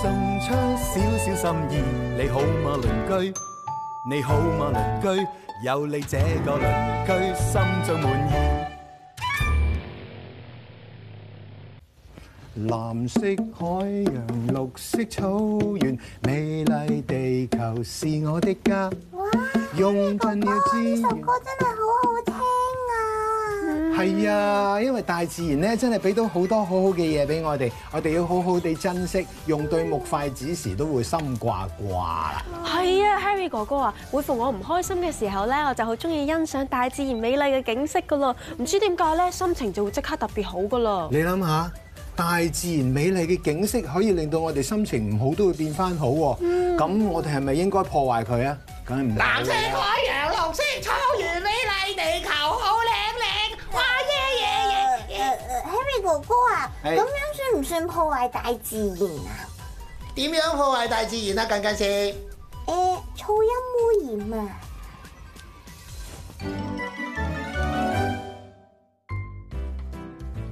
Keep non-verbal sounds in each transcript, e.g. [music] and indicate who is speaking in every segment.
Speaker 1: 送出少少心意，你好嗎鄰居？你好嗎鄰居？有你這個鄰居，心中滿意。 [noise] 藍色海洋，綠色草原，美麗地球是我的家。哇哥哥，呢首歌真係好好。係啊，因為大自然咧真係俾到好多好好嘅嘢俾我哋，我哋要好好地珍惜。用對木筷子時都會心掛掛啦。
Speaker 2: 係啊，Harry 哥哥啊，每逢我唔開心嘅時候咧，我就好中意欣賞大自然美麗嘅景色噶咯。唔知點解咧，心情就會即刻特別好噶咯。
Speaker 1: 你諗下，大自然美麗嘅景色可以令到我哋心情唔好都會變翻好喎。咁、嗯、我哋係咪應該破壞佢啊？梗係唔得啦！斬死
Speaker 2: 佢！
Speaker 3: 哥哥啊，咁樣算唔算破壞大、大自然啊？點樣破壞大自然啊？更加似，誒，噪音污染啊！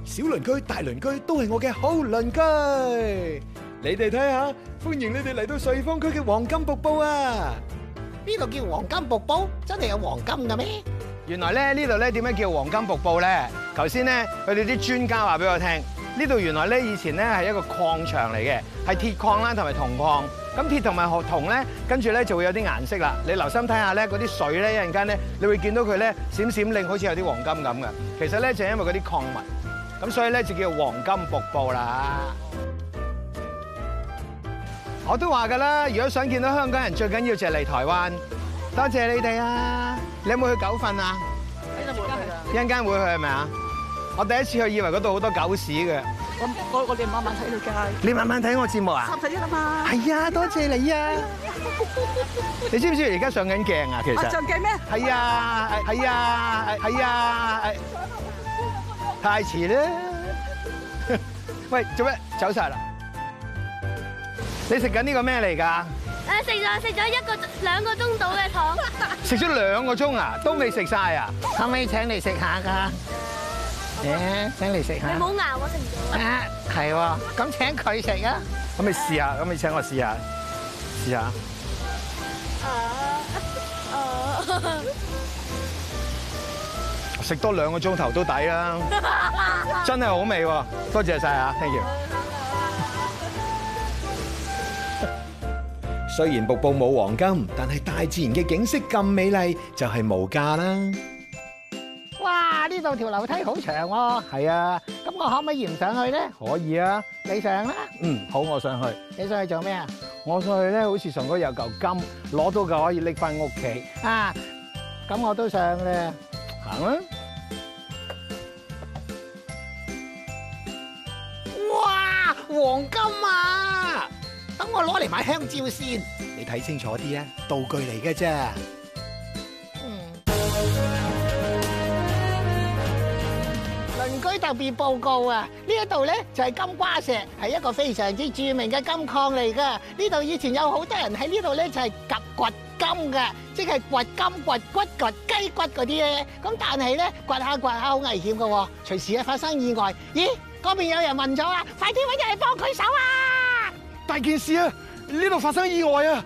Speaker 1: 小鄰居、大鄰居都係我嘅好鄰居。你哋睇下，歡迎你哋嚟到瑞芳區嘅黃金瀑布啊！呢度叫黃金瀑布，真係有黃金嘅咩？原來咧呢度咧點樣叫黃金瀑布咧？頭先咧，佢哋啲專家話俾我聽，呢度原來咧以前咧係一個礦場嚟嘅，係鐵礦啦同埋銅礦。咁鐵同埋銅咧，跟住咧就會有啲顏色啦。你留心睇下咧，嗰啲水咧一陣間咧，會你會見到佢咧閃閃令，好似有啲黃金咁嘅。其實咧就因為嗰啲礦物，咁所以咧就叫黃金瀑布啦。我都話㗎啦，如果想見到香港人，最緊要就嚟台灣。多謝你哋啊！你有冇去九份啊？一陣間會去係咪啊？是我第一次去，以為嗰度好多狗屎嘅。
Speaker 2: 我我哋慢慢睇你
Speaker 1: 街。你慢慢睇我節目啊？插
Speaker 2: 曬啦嘛！係啊，
Speaker 1: 多謝你啊！你知唔知而家上緊鏡啊？其實上
Speaker 3: 鏡咩？係啊係啊係啊！
Speaker 1: 啊太遲啦！ [laughs] 喂，做咩走晒啦？你食緊呢個咩嚟㗎？誒食咗
Speaker 2: 食咗一個兩個鐘度嘅糖。食
Speaker 1: [laughs] 咗兩個鐘啊？
Speaker 3: 都未食晒啊？可唔可以請你食下㗎？
Speaker 1: 誒，請你食吓，你冇牙我食唔到。誒，係喎，咁請佢食啊！咁你試下，咁你請我試下，試下。食多兩個鐘頭都抵啦，真係好味，多謝晒啊，thank you。雖然瀑布冇黃金，但係大自然嘅景色咁美麗，就係無價啦。
Speaker 3: 呢度條樓梯好長喎，
Speaker 1: 係啊。
Speaker 3: 咁我可唔可以迎上去咧？
Speaker 1: 可以啊，你上啦。嗯，好，我上去。
Speaker 3: 你上去做咩啊？
Speaker 1: 我上去咧，好似上高有嚿金，攞到嚿可以拎翻屋企
Speaker 3: 啊！咁我都上嘅。行啦。哇，黃金啊！等我攞嚟買香
Speaker 1: 蕉先。你睇清楚啲啊，道具嚟嘅啫。
Speaker 3: 特別報告啊！呢一度咧就係金瓜石，係一個非常之著名嘅金礦嚟噶。呢度以前有好多人喺呢度咧就係掘掘金嘅，即係掘金、掘骨、掘雞骨嗰啲嘢。咁但係咧掘下掘下好危險噶，隨時咧發生意外。咦，嗰邊有人暈咗啊！快啲搵人嚟幫佢手啊！
Speaker 1: 大件事啊，呢度發生意外啊，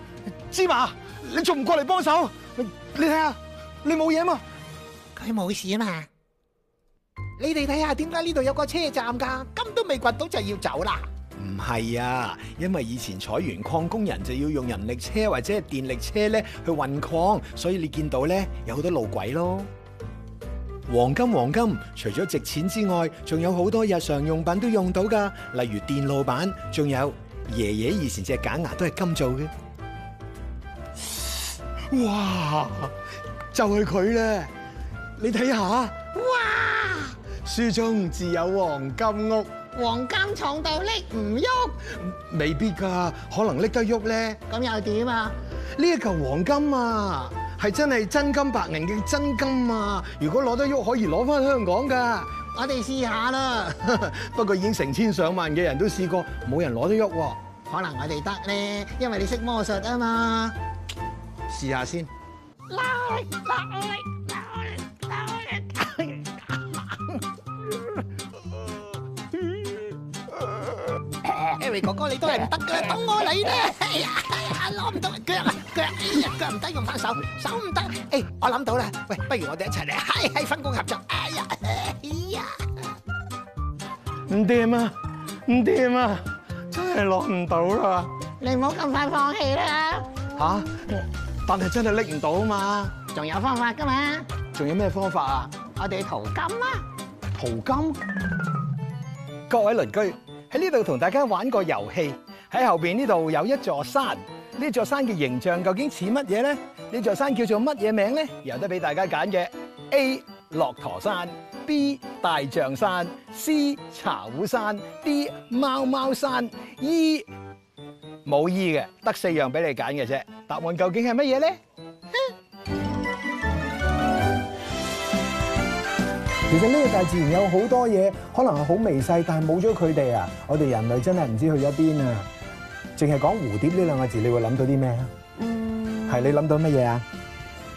Speaker 1: 芝麻，你仲唔過嚟幫手？你睇下，你冇嘢嘛？佢冇事啊嘛？
Speaker 3: 你哋睇下，點解呢度有個車站噶？金都未掘到就要走啦？
Speaker 1: 唔係啊，因為以前採完礦工人就要用人力車或者係電力車咧去運礦，所以你見到咧有好多路軌咯。黃金黃金，除咗值錢之外，仲有好多日常用品都用到噶，例如電路板，仲有爺爺以前隻假牙都係金做嘅。哇，就係佢咧，你睇下。書中自有黃金屋，黃金重到拎唔喐，未必㗎，可能拎得喐咧，咁又點啊？呢一嚿黃金啊，係真係真金白銀嘅真金啊！如果攞得喐，可以攞翻香港㗎。我哋試下啦， [laughs] 不過已經成千上萬嘅人都試過，冇人攞得喐喎。
Speaker 3: 可能我哋得咧，因為你識魔術啊嘛，
Speaker 1: 試下先。
Speaker 3: 拉我你哥哥，你都係唔得嘅，等我嚟啦！哎呀，攞唔到腳啊，腳，哎呀，腳唔得，用翻手，手唔得。哎，我諗到啦，喂，不如我哋一齊嚟，嗨嗨，分工合作。哎呀，哎呀，
Speaker 1: 唔掂啊，唔掂啊，真係攞唔到啦。
Speaker 3: 你唔好咁快放棄啦。
Speaker 1: 吓？但係真係拎唔到啊嘛。仲有方法噶嘛？仲有咩方法啊？我哋淘金啊！淘金？各位鄰居。喺呢度同大家玩個遊戲，喺後邊呢度有一座山，呢座山嘅形象究竟似乜嘢呢？呢座山叫做乜嘢名呢？由得俾大家揀嘅：A. 駱駝山，B. 大象山，C. 茶壺山，D. 貓貓山，E. 冇 E 嘅，得四樣俾你揀嘅啫。答案究竟係乜嘢呢？其實呢個大自然有好多嘢，可能係好微細，但係冇咗佢哋啊，我哋人類真係唔知去咗邊啊！淨係講蝴蝶呢兩個字，你會諗到啲咩啊？嗯、
Speaker 3: 係、你
Speaker 1: 諗到乜嘢啊？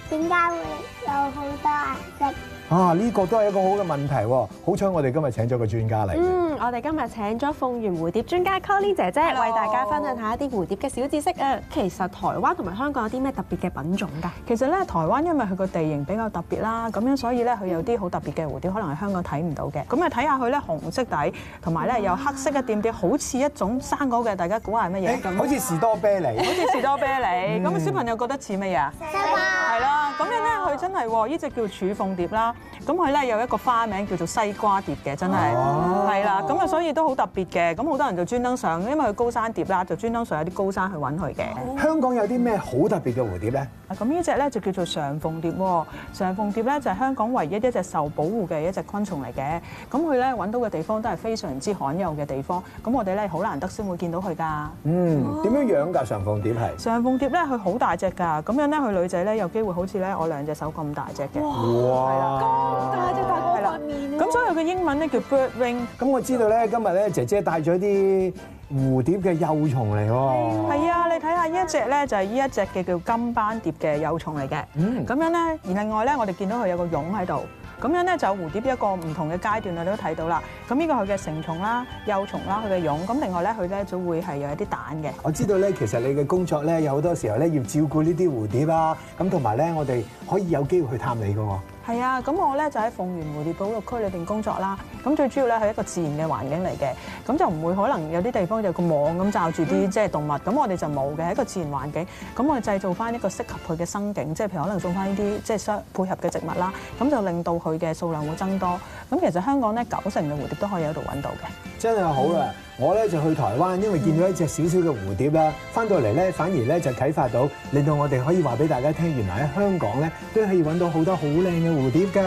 Speaker 1: 點解會有
Speaker 3: 好
Speaker 2: 多顏色？
Speaker 1: 啊！呢、呢個都係一個好嘅問題喎、啊。好彩我哋今日請咗個專家嚟。嗯，
Speaker 2: 我哋今日請咗鳳園蝴蝶專家 Coly 姐姐，Hello 為大家分享下一啲蝴蝶嘅小知識啊。其實台灣同埋香港有啲咩特別嘅品種㗎？其實咧，台灣因為佢個地形比較特別啦，咁樣所以咧，佢有啲好特別嘅蝴蝶，可能喺香港睇唔到嘅。咁啊，睇下佢咧紅色底，同埋咧有黑色嘅點點，好似一種生果嘅，大家估下係乜嘢？好似士多啤梨。 [laughs] 好似士多啤梨。咁啊，小朋友覺得似乜嘢啊？西瓜。係啦。咁樣。佢真係喎，呢隻叫柱鳳蝶啦，咁佢咧有一個花名叫做西瓜蝶嘅，真係，係啦、哦，咁啊所以都好特別嘅，咁好多人就專登上，因為佢高山蝶啦，就專登上有啲高山去揾佢嘅。
Speaker 1: 香港有啲咩好特別嘅蝴蝶咧？
Speaker 2: 咁呢隻咧就叫做裳鳳蝶喎，裳鳳蝶咧就係香港唯一一隻受保護嘅一隻昆蟲嚟嘅。咁佢咧揾到嘅地方都係非常之罕有嘅地方。咁我哋咧好難得先會見到佢㗎。嗯，
Speaker 1: 點樣樣㗎？裳鳳蝶係？
Speaker 2: 裳鳳蝶咧佢好大隻㗎，咁樣咧佢女仔咧有機會好似咧我兩隻手咁大隻嘅。哇！咁了大隻大過塊面。咁所以佢嘅英文咧叫 birdwing。咁 bird
Speaker 1: 我知道咧，今日咧姐姐帶咗啲。蝴蝶嘅幼蟲嚟喎，
Speaker 2: 係啊！你睇下呢一隻咧，就係呢一隻嘅叫金斑蝶嘅幼蟲嚟嘅。嗯，咁樣咧，而另外咧，我哋見到佢有個蛹喺度，咁樣咧就蝴蝶一個唔同嘅階段，你都睇到啦。咁呢個佢嘅成蟲啦、幼蟲啦、佢嘅蛹，咁另外咧佢咧就會係有一啲蛋嘅。
Speaker 1: 我知道咧，其實你嘅工作咧有好多時候咧要照顧呢啲蝴蝶啦，咁同埋咧我哋可以有機會去探你㗎喎。
Speaker 2: 係啊，咁我咧就喺鳳園蝴蝶保育區裏邊工作啦。咁最主要咧係一個自然嘅環境嚟嘅，咁就唔會可能有啲地方有個網咁罩住啲即係動物，咁、嗯、我哋就冇嘅，係一個自然環境。咁我哋製造翻一個適合佢嘅生境，即係譬如可能種翻呢啲即係相配合嘅植物啦，咁就令到佢嘅數量會增多。咁其實香港咧九成嘅蝴蝶都可以喺度揾到嘅，
Speaker 1: 真係好啦！我咧就去台灣，因為見到一隻小小嘅蝴蝶啦，翻到嚟咧反而咧就啟發到，令到我哋可以話俾大家聽，原來喺香港咧都可以揾到好多好靚嘅蝴蝶㗎。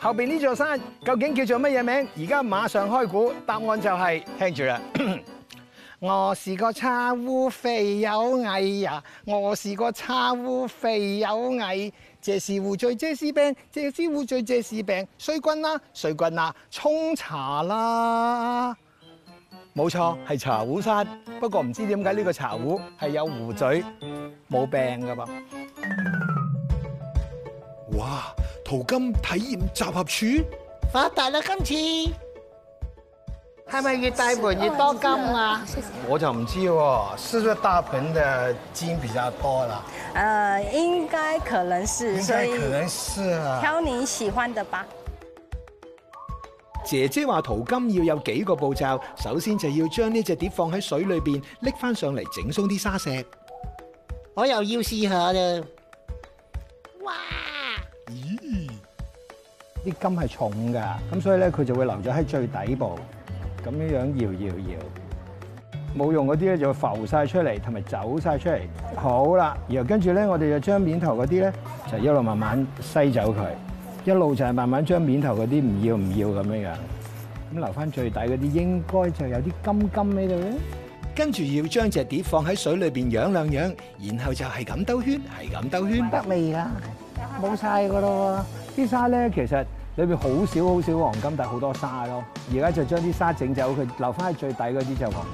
Speaker 1: 後邊呢座山究竟叫做乜嘢名？而家馬上開估，答案就係聽住啦。我是個茶壺肥有藝呀、啊，我是
Speaker 3: 個茶壺肥有藝，這是壺嘴這是柄，這是壺嘴這是
Speaker 1: 柄。水滾啦，水滾啦，沖茶啦，冇錯係茶壺山，不過唔知點解呢個茶壺係有壺嘴冇柄噶噃。哇！淘金體驗集合處，
Speaker 3: 發達啦，今次。係咪是是越大盆越多
Speaker 2: 金
Speaker 1: 啊？我就唔知喎，是唔是大盆的金比較多啦？
Speaker 2: 誒、呃，應該可能是，所以應該可
Speaker 1: 能是、啊、挑
Speaker 2: 你喜歡的吧。
Speaker 1: 姐姐話淘金要有幾個步驟，首先就要將呢隻碟放喺水裏邊，拎翻上嚟整鬆啲沙石。我又要試下啦。哇！咦、嗯？啲金係重噶，咁所以咧佢就會留咗喺最底部。咁樣樣搖搖搖，冇用嗰啲咧就浮晒出嚟，同埋走晒出嚟。好啦，然後跟住咧，我哋就將面頭嗰啲咧，就一路慢慢篩走佢，一路就係慢慢將面頭嗰啲唔要唔要咁樣樣。咁留翻最底嗰啲，應該就有啲金金喺度。跟住要將隻碟放喺水裏邊，搖兩搖，然後就係咁兜圈，係咁兜圈。得味㗎，冇晒㗎咯。啲沙咧，其實。裏邊好少好少黃金，但係好多沙咯。而家就將啲沙整走佢，留翻喺最底嗰啲就黃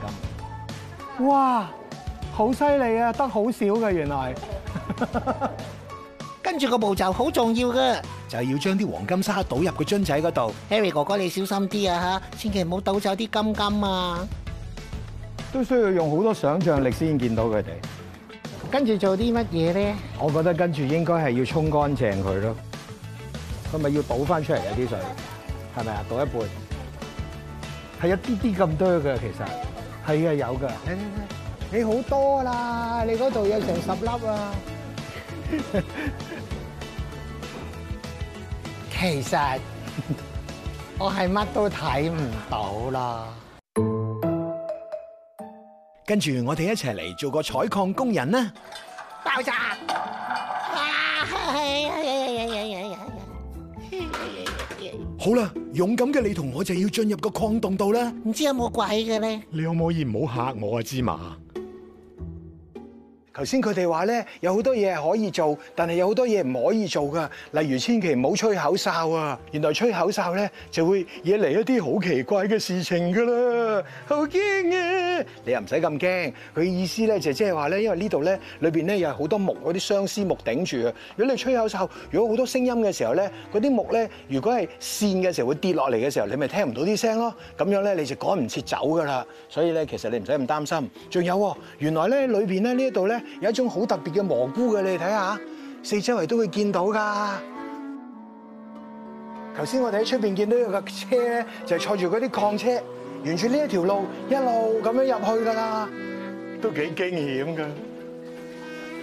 Speaker 1: 金。哇，好犀利啊，得好少嘅原來。 [laughs] 跟住個步驟好重要嘅，就係、是、要將啲黃金沙倒入個樽仔嗰度。
Speaker 3: Harry 哥哥你小心啲啊吓，千祈唔好倒走啲金金啊。
Speaker 1: 都需要用好多想象力先見到佢哋。
Speaker 3: 跟住做啲乜
Speaker 1: 嘢咧？我覺得跟住應該係要沖乾淨佢咯。佢咪要倒翻出嚟啊啲水，係咪啊？倒一半，係一啲啲咁多嘅，其實係啊有噶。你
Speaker 3: 好多啦，你嗰度有成十粒啊。其實
Speaker 1: 我係乜都睇唔到啦。跟住我哋一齊嚟做個採礦工人啦！爆炸。好啦，勇敢嘅你同我就要進入個礦洞度啦，唔知有冇鬼嘅呢？你可唔可以唔好嚇我啊，芝麻？頭先佢哋話咧，有好多嘢係可以做，但係有好多嘢唔可以做㗎。例如千祈唔好吹口哨啊！原來吹口哨咧就會惹嚟一啲好奇怪嘅事情㗎喇，好驚啊！你又唔使咁驚。佢意思咧就即係話咧，因為呢度咧裏邊咧有好多木嗰啲相思木頂住啊。如果你吹口哨，如果好多聲音嘅時候咧，嗰啲木咧如果係綫嘅時候會跌落嚟嘅時候，你咪聽唔到啲聲咯。咁樣咧你就趕唔切走㗎喇。所以咧其實你唔使咁擔心。仲有喎，原來咧裏邊咧呢一度咧。有一種好特別嘅蘑菇嘅，你哋睇下，四周圍都會見到噶。頭先我哋喺出邊見到有架車咧，就係坐住嗰啲礦車，沿住呢一條路一路咁樣入去噶啦。都幾驚險噶。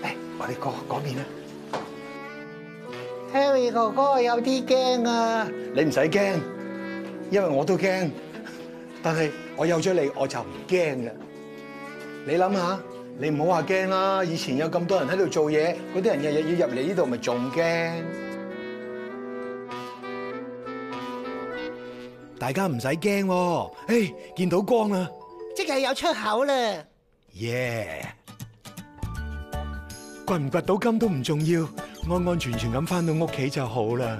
Speaker 1: 嚟，我哋過嗰邊啊。
Speaker 3: Harry 哥哥有啲驚啊！
Speaker 1: 你唔使驚，因為我都驚，但係我有咗你，我就唔驚嘅。你諗下？你唔好話驚啦，以前有咁多人喺度做嘢，嗰啲人日日要入嚟呢度，咪仲驚？大家唔使驚喎，哎，見到光啦，
Speaker 3: 即係有出口啦。
Speaker 1: Yeah，掘唔掘到金都唔重要，安安全全咁返到屋企就好啦。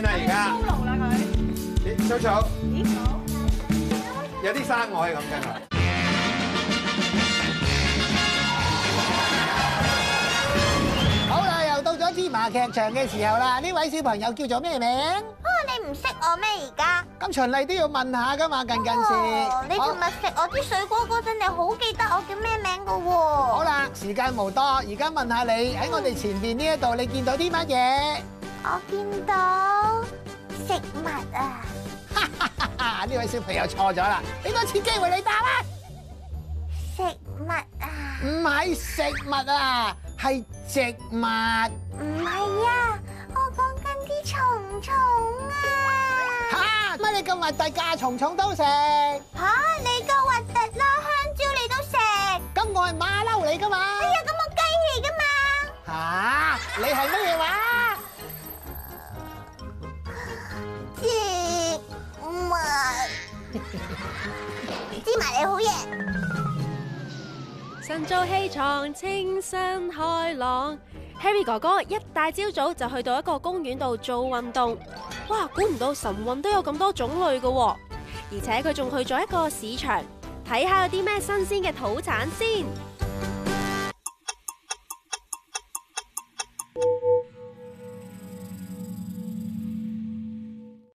Speaker 1: 真係而家。Solo 啦佢。咦，小草。有啲生，我可以咁
Speaker 3: 講。好啦，又到咗芝麻劇場嘅時候啦。呢位小朋友叫做咩名？啊，你唔識我咩？而家。咁循例都要問下噶嘛，近近時。你今日食我啲水果嗰陣，你好記得我叫咩名噶喎？好啦，時間無多，而家問下你喺我哋前邊呢一度，你見到啲乜嘢？我見到食物啊！哈哈哈！呢位小朋友錯咗啦，俾多次機會你答啦。食物啊？唔係食物啊，係植物。唔係啊，我講緊啲蟲蟲啊！吓、啊？乜你咁核突噶？蟲蟲都食？吓、啊，你夠核突啦，香蕉你都食？咁我係馬騮嚟噶嘛？哎呀，咁我雞嚟噶嘛？吓、啊，你係乜嘢話？ [laughs]
Speaker 2: 芝蔴你好嘢，晨早起床，清新開朗。Harry 哥哥一大朝早就去到一個公園度做運動，哇！估唔到晨運都有咁多種類㗎，而且佢仲去咗一個市場，睇下有啲咩新鮮嘅土産先。